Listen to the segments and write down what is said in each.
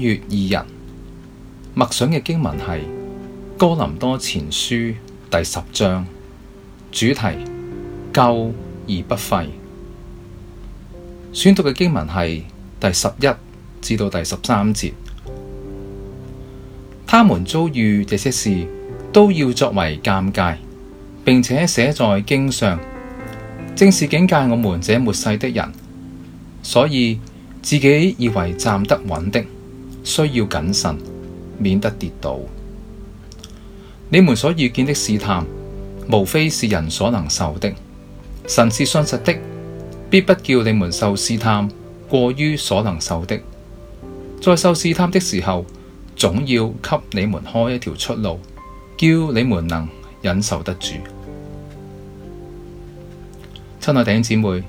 月二日默想嘅經文係哥林多前書第十章，主題舊而不廢。選讀嘅經文係第十一至到第十三節。他們遭遇這些事，都要作為鑒戒，並且寫在經上，正是警戒我們這末世的人。所以自己以為站得穩的。需要謹慎，免得跌倒。你們所遇見的試探，無非是人所能受的。神是信實的，必不叫你們受試探過於所能受的。在受試探的時候，總要給你們開一條出路，叫你們能忍受得住。親愛弟兄姊妹，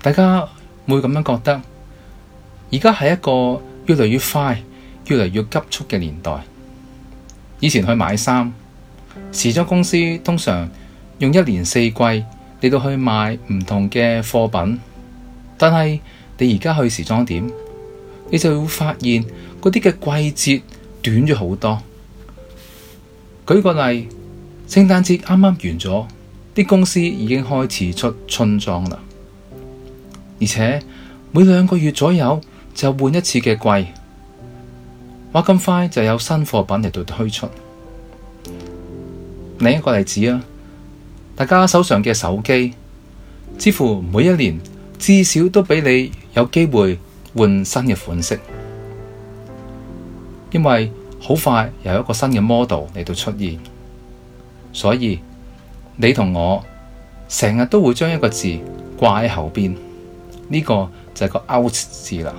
大家會咁樣覺得，而家係一個。越嚟越快，越嚟越急速嘅年代。以前去買衫，時裝公司通常用一年四季嚟到去賣唔同嘅貨品。但係你而家去時裝店，你就會發現嗰啲嘅季節短咗好多。舉個例，聖誕節啱啱完咗，啲公司已經開始出春裝啦，而且每兩個月左右。就換一次嘅季，話咁快就有新貨品嚟到推出。另一個例子啊，大家手上嘅手機，幾乎每一年至少都俾你有機會換新嘅款式，因為好快又有一個新嘅 model 嚟到出現，所以你同我成日都會將一個字掛喺後邊，呢、這個就係個 out 字啦。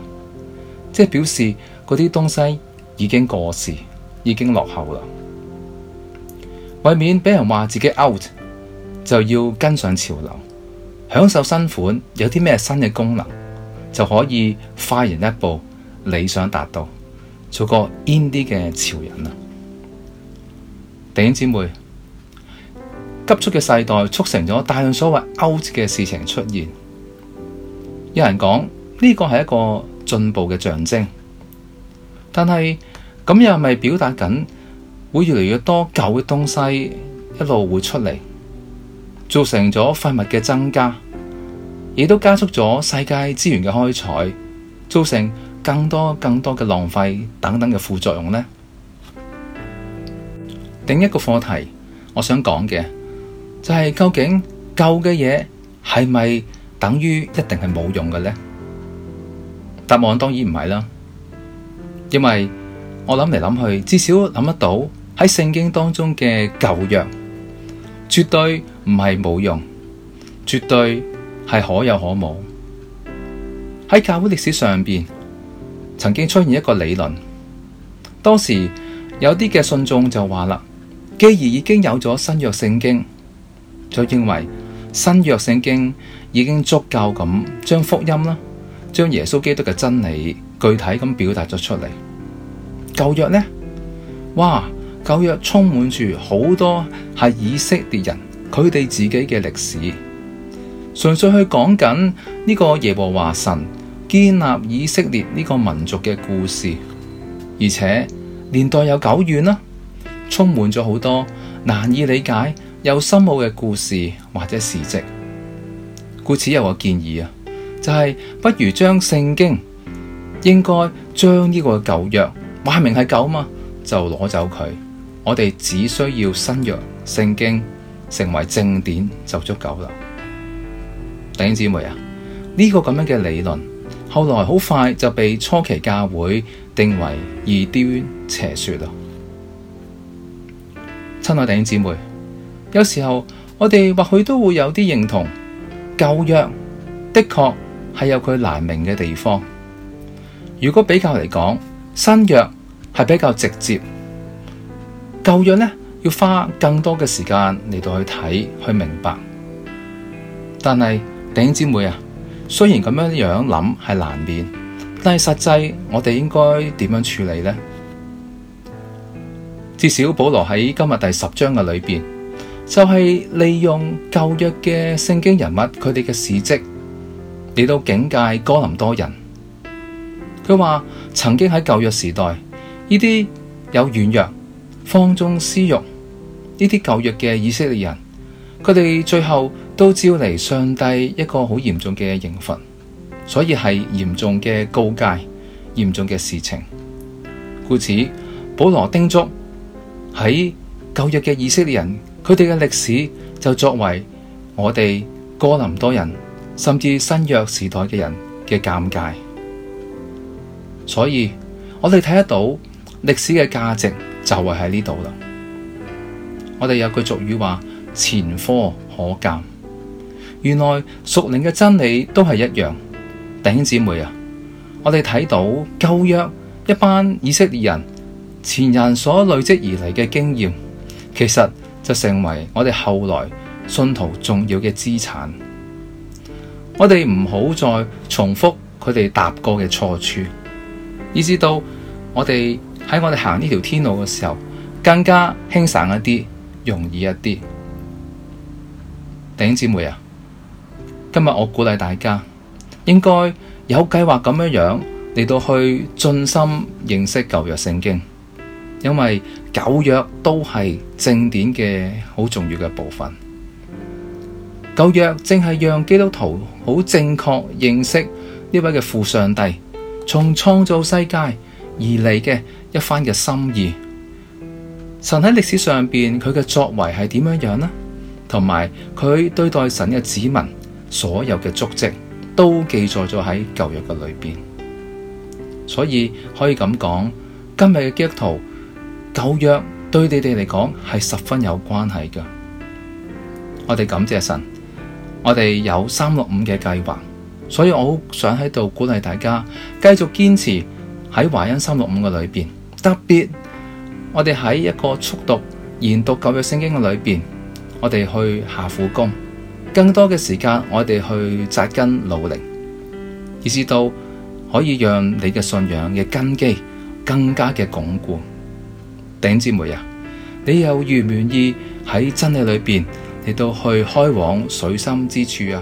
即表示嗰啲東西已經過時，已經落後啦。為免俾人話自己 out，就要跟上潮流，享受新款，有啲咩新嘅功能就可以快人一步，理想達到，做個 indie 啲嘅潮人啊！弟兄姊妹，急速嘅世代促成咗大量所謂 out 嘅事情出現。有人講呢個係一個。進步嘅象徵，但係咁又係咪表達緊會越嚟越多舊嘅東西一路會出嚟，造成咗廢物嘅增加，亦都加速咗世界資源嘅開採，造成更多更多嘅浪費等等嘅副作用呢？第一個課題，我想講嘅就係究竟舊嘅嘢係咪等於一定係冇用嘅呢？答案當然唔係啦，因為我諗嚟諗去，至少諗得到喺聖經當中嘅舊約絕對唔係冇用，絕對係可有可無。喺教會歷史上面，曾經出現一個理論，當時有啲嘅信眾就話啦：既然已經有咗新約聖經，就認為新約聖經已經足夠咁將福音啦。將耶穌基督嘅真理具體咁表達咗出嚟，舊約呢？哇，舊約充滿住好多係以色列人佢哋自己嘅歷史，純粹去講緊呢個耶和華神建立以色列呢個民族嘅故事，而且年代又久遠啦，充滿咗好多難以理解又深奧嘅故事或者事跡，故此有個建議啊。就係不如將聖經應該將呢個舊約，話明係舊嘛，就攞走佢。我哋只需要新約聖經成為正典就足夠啦。弟兄姊妹啊，呢個咁樣嘅理論，後來好快就被初期教會定為異端邪說啦！親愛弟兄姊妹，有時候我哋或許都會有啲認同舊約的確。係有佢難明嘅地方。如果比較嚟講，新約係比較直接，舊約呢要花更多嘅時間嚟到去睇去明白。但係弟兄姊妹啊，雖然咁樣樣諗係難免，但係實際我哋應該點樣處理呢？至少保羅喺今日第十章嘅裏邊，就係利用舊約嘅聖經人物佢哋嘅事迹。嚟到警戒哥林多人，佢話曾經喺舊約時代，呢啲有軟弱、放縱私欲呢啲舊約嘅以色列人，佢哋最後都招嚟上帝一個好嚴重嘅刑罰，所以係嚴重嘅告誡、嚴重嘅事情。故此，保羅叮囑喺舊約嘅以色列人，佢哋嘅歷史就作為我哋哥林多人。甚至新約時代嘅人嘅尷尬，所以我哋睇得到歷史嘅價值就會喺呢度啦。我哋有句俗語話前科可鑒，原來屬靈嘅真理都係一樣。弟兄姊，姊妹啊，我哋睇到舊約一班以色列人前人所累積而嚟嘅經驗，其實就成為我哋後來信徒重要嘅資產。我哋唔好再重複佢哋答過嘅錯處，以至到我哋喺我哋行呢條天路嘅時候，更加輕省一啲，容易一啲。弟兄姊妹啊，今日我鼓勵大家應該有計劃咁樣樣嚟到去盡心認識舊約聖經，因為舊約都係正典嘅好重要嘅部分。舊約正係讓基督徒好正確認識呢位嘅父上帝，從創造世界而嚟嘅一番嘅心意。神喺歷史上邊佢嘅作為係點樣樣呢？同埋佢對待神嘅子民所有嘅足跡都記載咗喺舊約嘅裏邊。所以可以咁講，今日嘅基督徒，舊約對你哋嚟講係十分有關係㗎。我哋感謝神。我哋有三六五嘅計劃，所以我好想喺度鼓勵大家繼續堅持喺華恩三六五嘅裏邊。特別我哋喺一個速讀研讀舊約聖經嘅裏邊，我哋去下苦功，更多嘅時間我哋去扎根努力，以至到可以讓你嘅信仰嘅根基更加嘅鞏固。頂姊妹啊，你又願唔願意喺真理裏邊？你都去開往水深之處啊！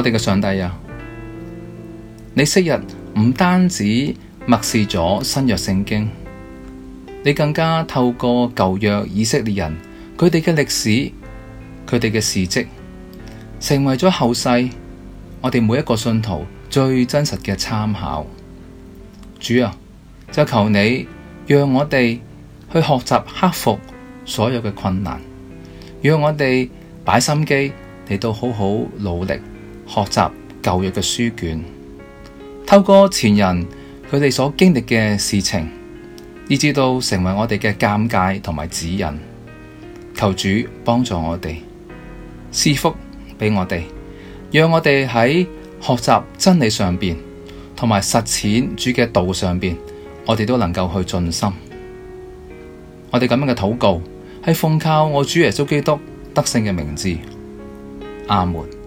我哋嘅上帝啊，你昔日唔單止默示咗新約聖經，你更加透過舊約以色列人，佢哋嘅歷史，佢哋嘅事跡，成為咗後世我哋每一個信徒最真實嘅參考。主啊，就求你讓我哋去學習克服所有嘅困難，讓我哋擺心機嚟到好好努力。學習舊約嘅書卷，透過前人佢哋所經歷嘅事情，以至到成為我哋嘅鑒戒同埋指引。求主幫助我哋，賜福俾我哋，讓我哋喺學習真理上邊，同埋實踐主嘅道上邊，我哋都能夠去盡心。我哋咁樣嘅禱告係奉靠我主耶穌基督得勝嘅名字。阿門。